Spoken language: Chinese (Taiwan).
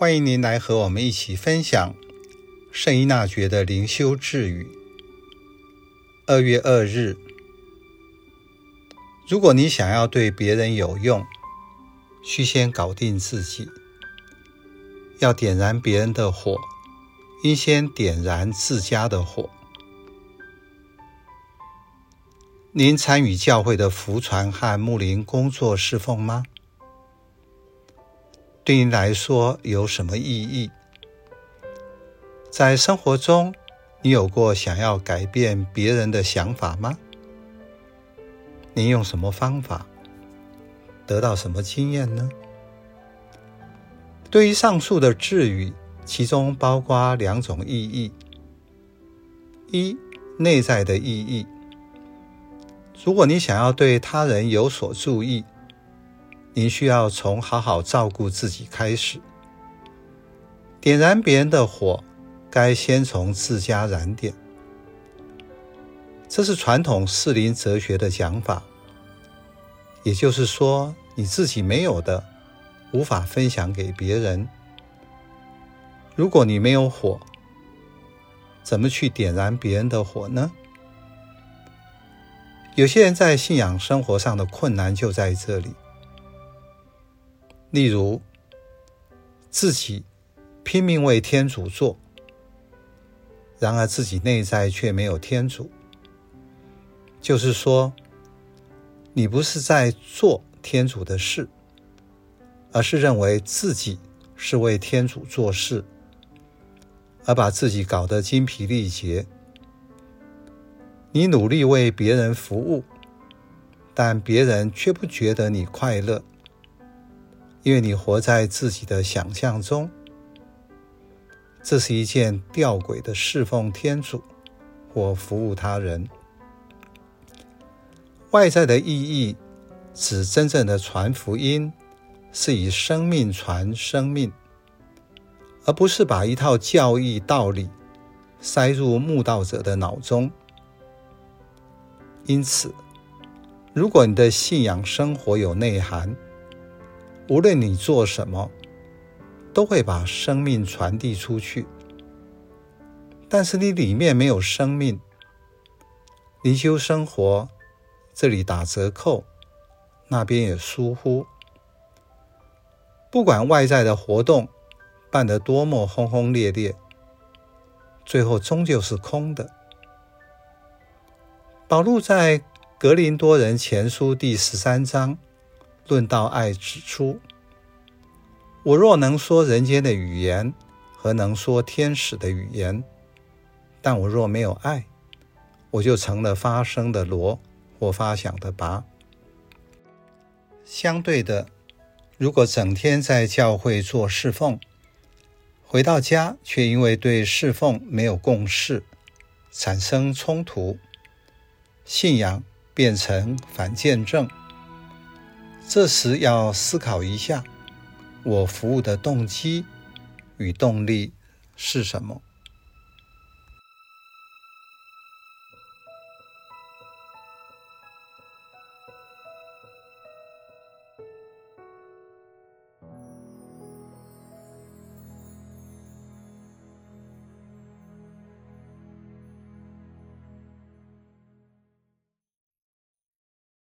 歡迎您來和我們一起分享聖依納爵的靈修智語。二月二日，如果你想要對別人有用，須先搞定自己。要點燃別人的火，應先點燃自家的火。您參與教會的福傳和牧靈工作侍奉嗎？對你來說有什麼意義？在生活中，你有過想要改變別人的想法嗎？你用什麼方法？得到什麼經驗呢？對於上述的智語，其中包括兩種意義：一，內在的意義。如果你想要對他人有所助益。您需要從好好照顧自己開始。點燃別人的火，該先從自家燃點。這是傳統士林哲學的講法，也就是說，你自己沒有的，無法分享給別人。如果你沒有火，怎麼去點燃別人的火呢？有些人在信仰生活上的困難就在這裡。例如，自己拼命為天主做，然而自己內在卻沒有天主。就是說，你不是在做天主的事，而是認為自己是為天主做事，而把自己搞得精疲力竭。你努力為別人服務，但別人卻不覺得你快樂。因為你活在自己的想象中，這是一件吊詭的侍奉天主或服務他人。外在的意義指真正的傳福音是以生命傳生命，而不是把一套教義道理塞入慕道者的腦中。因此，如果你的信仰生活有內涵，無論你做什麼，都會把生命傳遞出去。但是你裡面沒有生命，靈修生活這裡打折扣，那邊也疏忽。不管外在的活動辦得多麼轟轟烈烈，最後終究是空的。保祿在《格林多人前書》第十三章，論到愛指出，我若能說人間的語言，和能說天使的語言；但我若沒有愛，我就成了發聲的鑼，或發響的鈸。相對的，如果整天在教會做侍奉，回到家卻因為對侍奉沒有共識，產生衝突，信仰變成反見證。”這時要思考一下，我服務的動機與動力是什麼？